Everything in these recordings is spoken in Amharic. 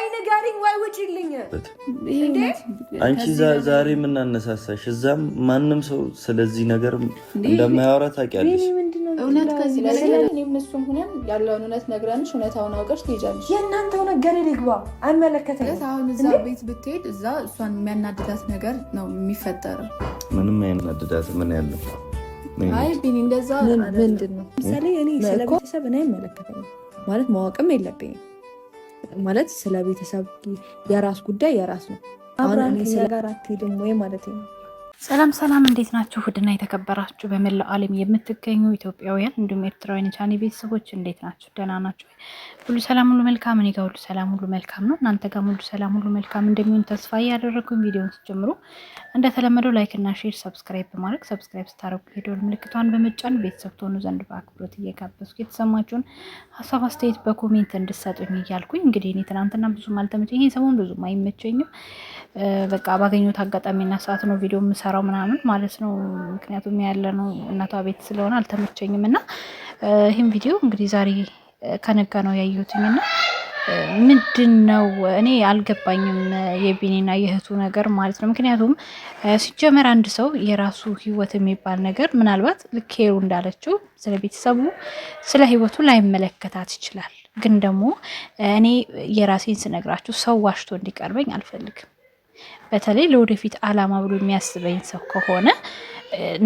ወይ ንገሪኝ ወይ ውጪልኝ። አንቺ ዛሬ የምናነሳሳሽ እዛም ማንም ሰው ስለዚህ ነገር እንደማያወራ ታውቂያለሽ። እውነት ከዚህ በላይ እሱም ሆነን ያለውን እውነት ነግረንሽ እውነታውን አውቀሽ ትሄጃለሽ። የእናንተው ነገር ይግባ አይመለከተኝም። አሁን እዛ ቤት ብትሄድ እዛ እሷን የሚያናድዳት ነገር ነው የሚፈጠር። ምንም አይናድዳት። ምን ያለ አይ ቢኒ እንደዛ ምንድን ነው ምሳሌ እኔ ስለቤተሰብ እኔ አይመለከተኝም ማለት ማወቅም የለብኝም ማለት ስለ ቤተሰብ የራስ ጉዳይ የራስ ነው። ሰላም ሰላም፣ እንዴት ናችሁ? ውድና የተከበራችሁ በመላው ዓለም የምትገኙ ኢትዮጵያውያን እንዲሁም ኤርትራውያን ቻኔ ቤተሰቦች እንዴት ናችሁ? ደህና ናችሁ? ሁሉ ሰላም ሁሉ መልካም፣ እኔ ጋር ሁሉ ሰላም ሁሉ መልካም ነው። እናንተ ጋር ሁሉ ሰላም ሁሉ መልካም እንደሚሆን ተስፋ እያደረግኩኝ ቪዲዮን ስትጀምሩ እንደተለመደው ላይክ እና ሼር፣ ሰብስክራይብ በማድረግ ሰብስክራይብ ስታደርጉ የደወል ምልክቷን በመጫን ቤተሰብ ትሆኑ ዘንድ በአክብሮት እየጋበዝኩ የተሰማችሁን ሀሳብ አስተያየት በኮሜንት እንድሰጡኝ እያልኩኝ እንግዲህ እኔ ትናንትና ብዙም አልተመቸኝ፣ ይሄ ሰሞን ብዙም አይመቸኝም። በቃ ባገኘሁት አጋጣሚና ሰዓት ነው ቪዲዮ የምሰራው ምናምን ማለት ነው። ምክንያቱም ያለ ነው እናቷ ቤት ስለሆነ አልተመቸኝም እና ይህም ቪዲዮ እንግዲህ ዛሬ ከነጋ ነው ያየሁትኝ እና ምንድን ነው እኔ አልገባኝም፣ የቢኒና የእህቱ ነገር ማለት ነው። ምክንያቱም ሲጀመር አንድ ሰው የራሱ ህይወት የሚባል ነገር ምናልባት ሄሩ እንዳለችው ስለ ቤተሰቡ ስለ ህይወቱ ላይመለከታት ይችላል። ግን ደግሞ እኔ የራሴን ስነግራችሁ ሰው ዋሽቶ እንዲቀርበኝ አልፈልግም። በተለይ ለወደፊት አላማ ብሎ የሚያስበኝ ሰው ከሆነ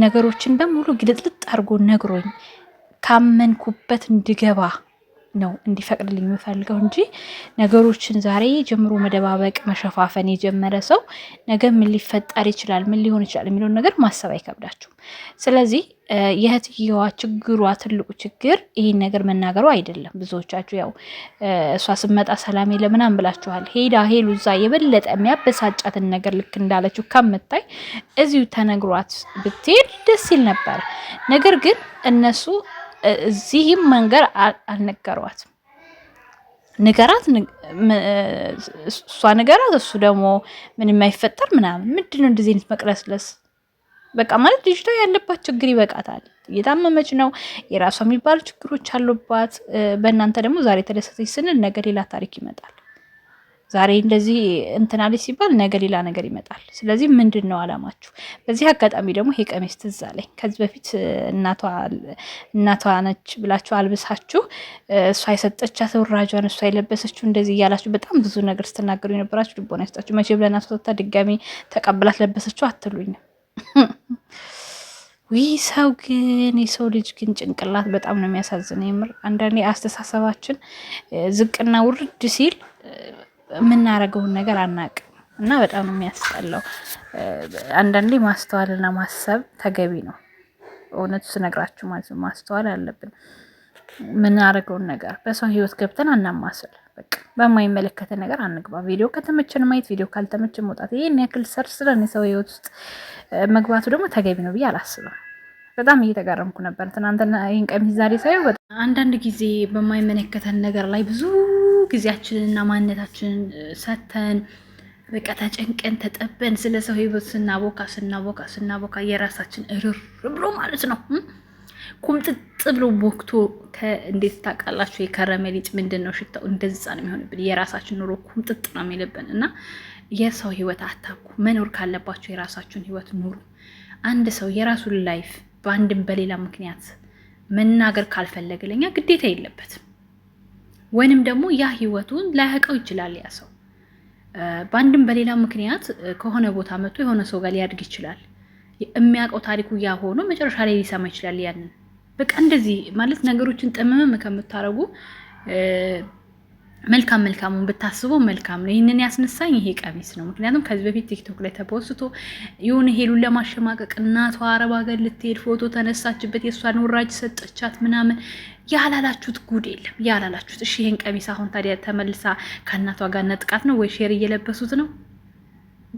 ነገሮችን በሙሉ ግልጥልጥ አድርጎ ነግሮኝ ካመንኩበት እንድገባ ነው እንዲፈቅድልኝ የምፈልገው እንጂ ነገሮችን ዛሬ ጀምሮ መደባበቅ፣ መሸፋፈን የጀመረ ሰው ነገ ምን ሊፈጠር ይችላል፣ ምን ሊሆን ይችላል የሚለውን ነገር ማሰብ አይከብዳችሁም። ስለዚህ የእህትየዋ ችግሯ ትልቁ ችግር ይህን ነገር መናገሩ አይደለም። ብዙዎቻችሁ ያው እሷ ስመጣ ሰላሜ የለ ምናምን ብላችኋል። ሄዳ ሄሉ እዛ የበለጠ የሚያበሳጫትን ነገር ልክ እንዳለችው ከምታይ እዚሁ ተነግሯት ብትሄድ ደስ ይል ነበር። ነገር ግን እነሱ እዚህም መንገር አልነገሯትም። ንገራት እሷ ንገራት፣ እሱ ደግሞ ምን የማይፈጠር ምናምን ምንድን ነው እንደዚህ አይነት መቅለስለስ። በቃ ማለት ልጅቷ ያለባት ችግር ይበቃታል። እየታመመች ነው። የራሷ የሚባሉ ችግሮች አሉባት። በእናንተ ደግሞ ዛሬ ተደሰተች ስንል ነገ ሌላ ታሪክ ይመጣል። ዛሬ እንደዚህ እንትናለች ሲባል ነገ ሌላ ነገር ይመጣል። ስለዚህ ምንድን ነው አላማችሁ? በዚህ አጋጣሚ ደግሞ ይሄ ቀሚስ ትዝ አለኝ። ከዚህ በፊት እናቷ ነች ብላችሁ አልብሳችሁ እሷ የሰጠቻት ውራጇን እሷ የለበሰችው እንደዚህ እያላችሁ በጣም ብዙ ነገር ስትናገሩ የነበራችሁ ልቦና ይስጣችሁ። መቼ ብለና ተሰታ ድጋሚ ተቀብላት ለበሰችው አትሉኝም። ይህ ሰው ግን የሰው ልጅ ግን ጭንቅላት በጣም ነው የሚያሳዝን። የምር አንዳንዴ አስተሳሰባችን ዝቅና ውርድ ሲል የምናደርገውን ነገር አናቅም እና በጣም ነው የሚያስጠላው። አንዳንዴ ማስተዋልና ማሰብ ተገቢ ነው። እውነቱ ስነግራችሁ ማለት ነው። ማስተዋል አለብን። የምናደርገውን ነገር በሰው ህይወት ገብተን አናማስል። በቃ በማይመለከተን ነገር አንግባ። ቪዲዮ ከተመቸን ማየት፣ ቪዲዮ ካልተመቸን መውጣት። ይህን ያክል ሰር ስለን የሰው ህይወት ውስጥ መግባቱ ደግሞ ተገቢ ነው ብዬ አላስብም። በጣም እየተጋረምኩ ነበር ትናንትና። ይህን ቀሚስ ዛሬ ሳየው አንዳንድ ጊዜ በማይመለከተን ነገር ላይ ብዙ ጊዜያችንንና ማንነታችንን ሰተን በቃ ተጨንቀን ተጠበን ስለ ሰው ህይወት ስናቦካ ስናቦካ ስናቦካ የራሳችን እርር ብሎ ማለት ነው ቁምጥጥ ብሎ ቦክቶ እንዴት ታውቃላችሁ? የከረመ ሊጥ ምንድን ነው ሽታው? እንደዛ ነው የሚሆንብን። የራሳችን ኑሮ ቁምጥጥ ነው የሚልብን እና የሰው ህይወት አታኩ። መኖር ካለባቸው የራሳችሁን ህይወት ኑሩ። አንድ ሰው የራሱን ላይፍ በአንድም በሌላ ምክንያት መናገር ካልፈለገ ለኛ ግዴታ የለበትም። ወይንም ደግሞ ያ ህይወቱን ላያውቀው ይችላል። ያ ሰው በአንድም በሌላ ምክንያት ከሆነ ቦታ መጥቶ የሆነ ሰው ጋር ሊያድግ ይችላል። የሚያውቀው ታሪኩ ያ ሆኖ መጨረሻ ላይ ሊሰማ ይችላል። ያንን በቃ እንደዚህ ማለት ነገሮችን ጥምምም ከምታደርጉ መልካም መልካሙን ብታስቡ መልካም ነው። ይህንን ያስነሳኝ ይሄ ቀሚስ ነው። ምክንያቱም ከዚህ በፊት ቲክቶክ ላይ ተፖስቶ የሆነ ሄሉን ለማሸማቀቅ እናቷ አረብ ሀገር ልትሄድ ፎቶ ተነሳችበት፣ የእሷን ውራጅ ሰጠቻት ምናምን ያላላችሁት ጉድ የለም ያላላችሁት። እሺ ይህን ቀሚስ አሁን ታዲያ ተመልሳ ከእናቷ ጋር ነጥቃት ነው ወይ ሼር እየለበሱት ነው?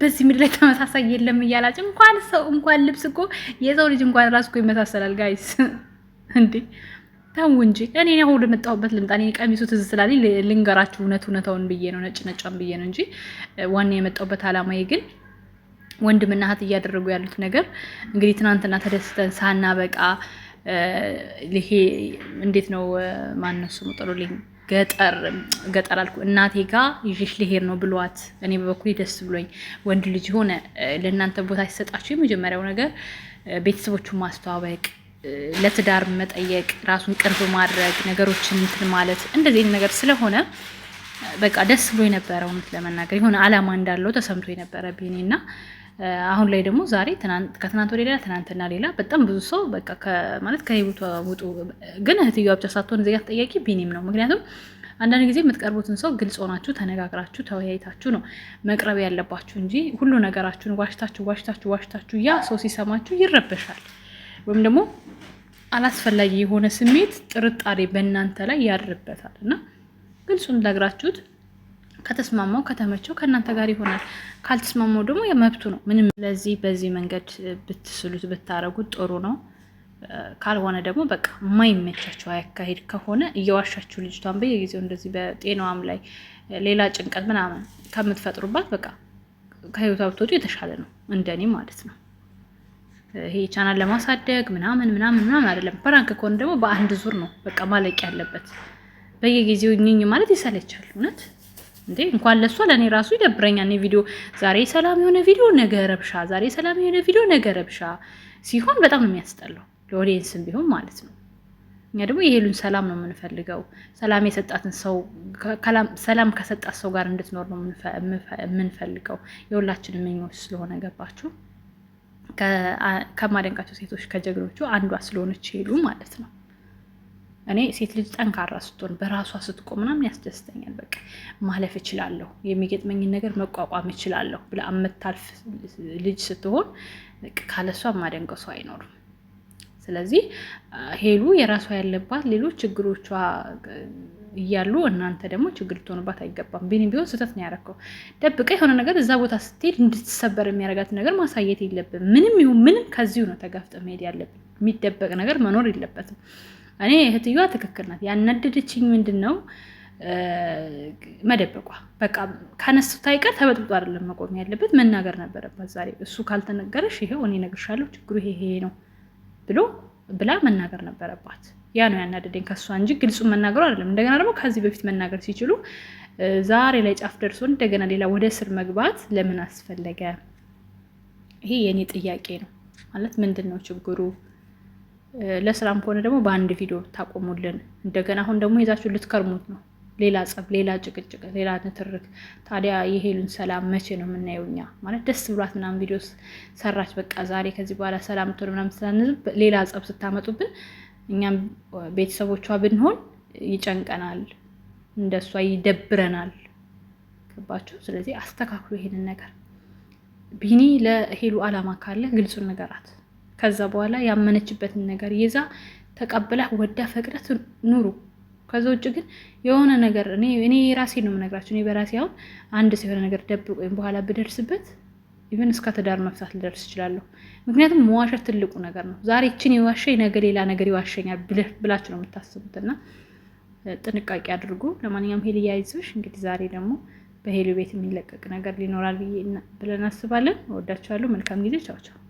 በዚህ ምድር ላይ ተመሳሳይ የለም እያላችሁ እንኳን ሰው እንኳን ልብስ እኮ የሰው ልጅ እንኳን ራሱ እኮ ይመሳሰላል ጋይስ እንዴ ተው እንጂ እኔ ነው ሁሉ መጣሁበት ልምጣ። እኔ ቀሚሱ ትዝ ስላለኝ ልንገራችሁ እውነት እውነታውን ብዬ ነው፣ ነጭ ነጫን ብዬ ነው እንጂ ዋና የመጣሁበት አላማዬ ግን ወንድምና እህት እያደረጉ ያሉት ነገር እንግዲህ ትናንትና ተደስተን ሳናበቃ ይሄ እንዴት ነው ማነሱ ስሙ ጥሩልኝ ገጠር ገጠር አልኩ እናቴ ጋ ይዤሽ ልሄድ ነው ብሏት፣ እኔ በበኩሌ ደስ ብሎኝ ወንድ ልጅ ሆነ ለእናንተ ቦታ ሲሰጣችሁ የመጀመሪያው ነገር ቤተሰቦቹን ማስተዋወቅ ለትዳር መጠየቅ፣ ራሱን ቅርብ ማድረግ፣ ነገሮችን እንትን ማለት እንደዚህ ነገር ስለሆነ በቃ ደስ ብሎ የነበረ እውነት ለመናገር የሆነ አላማ እንዳለው ተሰምቶ የነበረ ቢኒ እና አሁን ላይ ደግሞ ዛሬ ከትናንት ወደ ሌላ ትናንትና ሌላ በጣም ብዙ ሰው በቃ ማለት ከህይወቱ ውጡ። ግን እህትዮዋ ብቻ ሳትሆን ዜጋ ተጠያቂ ቢኒም ነው። ምክንያቱም አንዳንድ ጊዜ የምትቀርቡትን ሰው ግልጽ ሆናችሁ ተነጋግራችሁ ተወያይታችሁ ነው መቅረብ ያለባችሁ እንጂ ሁሉ ነገራችሁን ዋሽታችሁ ዋሽታችሁ ዋሽታችሁ ያ ሰው ሲሰማችሁ ይረበሻል። ወይም ደግሞ አላስፈላጊ የሆነ ስሜት፣ ጥርጣሬ በእናንተ ላይ ያድርበታል እና ግልጹን ነግራችሁት ከተስማማው ከተመቸው ከእናንተ ጋር ይሆናል። ካልተስማማው ደግሞ የመብቱ ነው ምንም። ስለዚህ በዚህ መንገድ ብትስሉት ብታረጉት ጥሩ ነው። ካልሆነ ደግሞ በቃ የማይመቻቸው አያካሄድ ከሆነ እየዋሻችሁ ልጅቷን በየጊዜው እንደዚህ በጤናዋም ላይ ሌላ ጭንቀት ምናምን ከምትፈጥሩባት በቃ ከህይወቷ ብትወጡ የተሻለ ነው እንደኔ ማለት ነው። ይሄ ቻናል ለማሳደግ ምናምን ምናምን ምናምን አይደለም። ፕራንክ ከሆነ ደግሞ በአንድ ዙር ነው በቃ ማለቅ ያለበት። በየጊዜው እኝኝ ማለት ይሰለቻል። እውነት እንዴ እንኳን ለሷ ለእኔ ራሱ ይደብረኛል። እኔ ቪዲዮ ዛሬ ሰላም የሆነ ቪዲዮ ነገ ረብሻ፣ ዛሬ ሰላም የሆነ ቪዲዮ ነገ ረብሻ ሲሆን በጣም ነው የሚያስጠላው፣ ለኦዲየንስም ቢሆን ማለት ነው። እኛ ደግሞ የሄሉን ሰላም ነው የምንፈልገው። ሰላም የሰጣትን ሰው ሰላም ከሰጣት ሰው ጋር እንድትኖር ነው የምንፈልገው። የሁላችንም ምኞች ስለሆነ ገባችሁ። ከማደንቃቸው ሴቶች ከጀግኖቹ አንዷ ስለሆነች ሄሉ ማለት ነው። እኔ ሴት ልጅ ጠንካራ ስትሆን በራሷ ስትቆም ምናምን ያስደስተኛል። በቃ ማለፍ እችላለሁ፣ የሚገጥመኝን ነገር መቋቋም እችላለሁ ብላ የምታልፍ ልጅ ስትሆን ካለሷ ማደንቀሱ አይኖርም። ስለዚህ ሄሉ የራሷ ያለባት ሌሎች ችግሮቿ እያሉ እናንተ ደግሞ ችግር ልትሆኑባት አይገባም። ቢኒ ቢሆን ስህተት ነው ያደረከው። ደብቀ የሆነ ነገር እዛ ቦታ ስትሄድ እንድትሰበር የሚያደርጋት ነገር ማሳየት የለብን። ምንም ይሁን ምንም ከዚሁ ነው ተጋፍጠ መሄድ ያለብን። የሚደበቅ ነገር መኖር የለበትም። እኔ እህትዮዋ ትክክል ናት። ያናደደችኝ ምንድን ነው መደበቋ። በቃ ከነሱ ታይቀር ተበጥብጦ አይደለም መቆም ያለበት፣ መናገር ነበረባት ዛሬ። እሱ ካልተነገረሽ ይሄው እኔ እነግርሻለሁ ችግሩ ይሄ ይሄ ነው ብሎ ብላ መናገር ነበረባት። ያ ነው ያናደደኝ ከሷ እንጂ ግልጹ መናገሩ አይደለም። እንደገና ደግሞ ከዚህ በፊት መናገር ሲችሉ ዛሬ ላይ ጫፍ ደርሶ እንደገና ሌላ ወደ ስር መግባት ለምን አስፈለገ? ይሄ የእኔ ጥያቄ ነው። ማለት ምንድን ነው ችግሩ? ለስራም ከሆነ ደግሞ በአንድ ቪዲዮ ታቆሙልን። እንደገና አሁን ደግሞ ይዛችሁ ልትከርሙት ነው። ሌላ ጸብ፣ ሌላ ጭቅጭቅ፣ ሌላ ንትርክ። ታዲያ የሄሉን ሰላም መቼ ነው የምናየው? እኛ ማለት ደስ ብሏት ምናምን ቪዲዮ ሰራች፣ በቃ ዛሬ ከዚህ በኋላ ሰላም ትሆን ምናምን ሌላ ጸብ ስታመጡብን እኛም ቤተሰቦቿ ብንሆን ይጨንቀናል፣ እንደሷ ይደብረናል። ገባችሁ? ስለዚህ አስተካክሎ ይሄንን ነገር ቢኒ ለሄሉ አላማ ካለ ግልጹን ነገራት። ከዛ በኋላ ያመነችበትን ነገር ይዛ ተቀብላ ወዳ ፈቅደት ኑሩ። ከዛ ውጭ ግን የሆነ ነገር እኔ ራሴ ነው የምነግራቸው። እኔ በራሴ አሁን አንድ ሰው የሆነ ነገር ወይም በኋላ ብደርስበት ኢቨን እስከ ትዳር መፍታት ልደርስ ይችላለሁ። ምክንያቱም መዋሸት ትልቁ ነገር ነው። ዛሬ ይችን የዋሸኝ ነገ ሌላ ነገር ይዋሸኛል ብላችሁ ነው የምታስቡት እና ጥንቃቄ አድርጉ። ለማንኛውም ሄል ያይዞሽ። እንግዲህ ዛሬ ደግሞ በሄሉ ቤት የሚለቀቅ ነገር ሊኖራል ብለን እናስባለን። እወዳችኋለሁ። መልካም ጊዜ። ቻው ቻው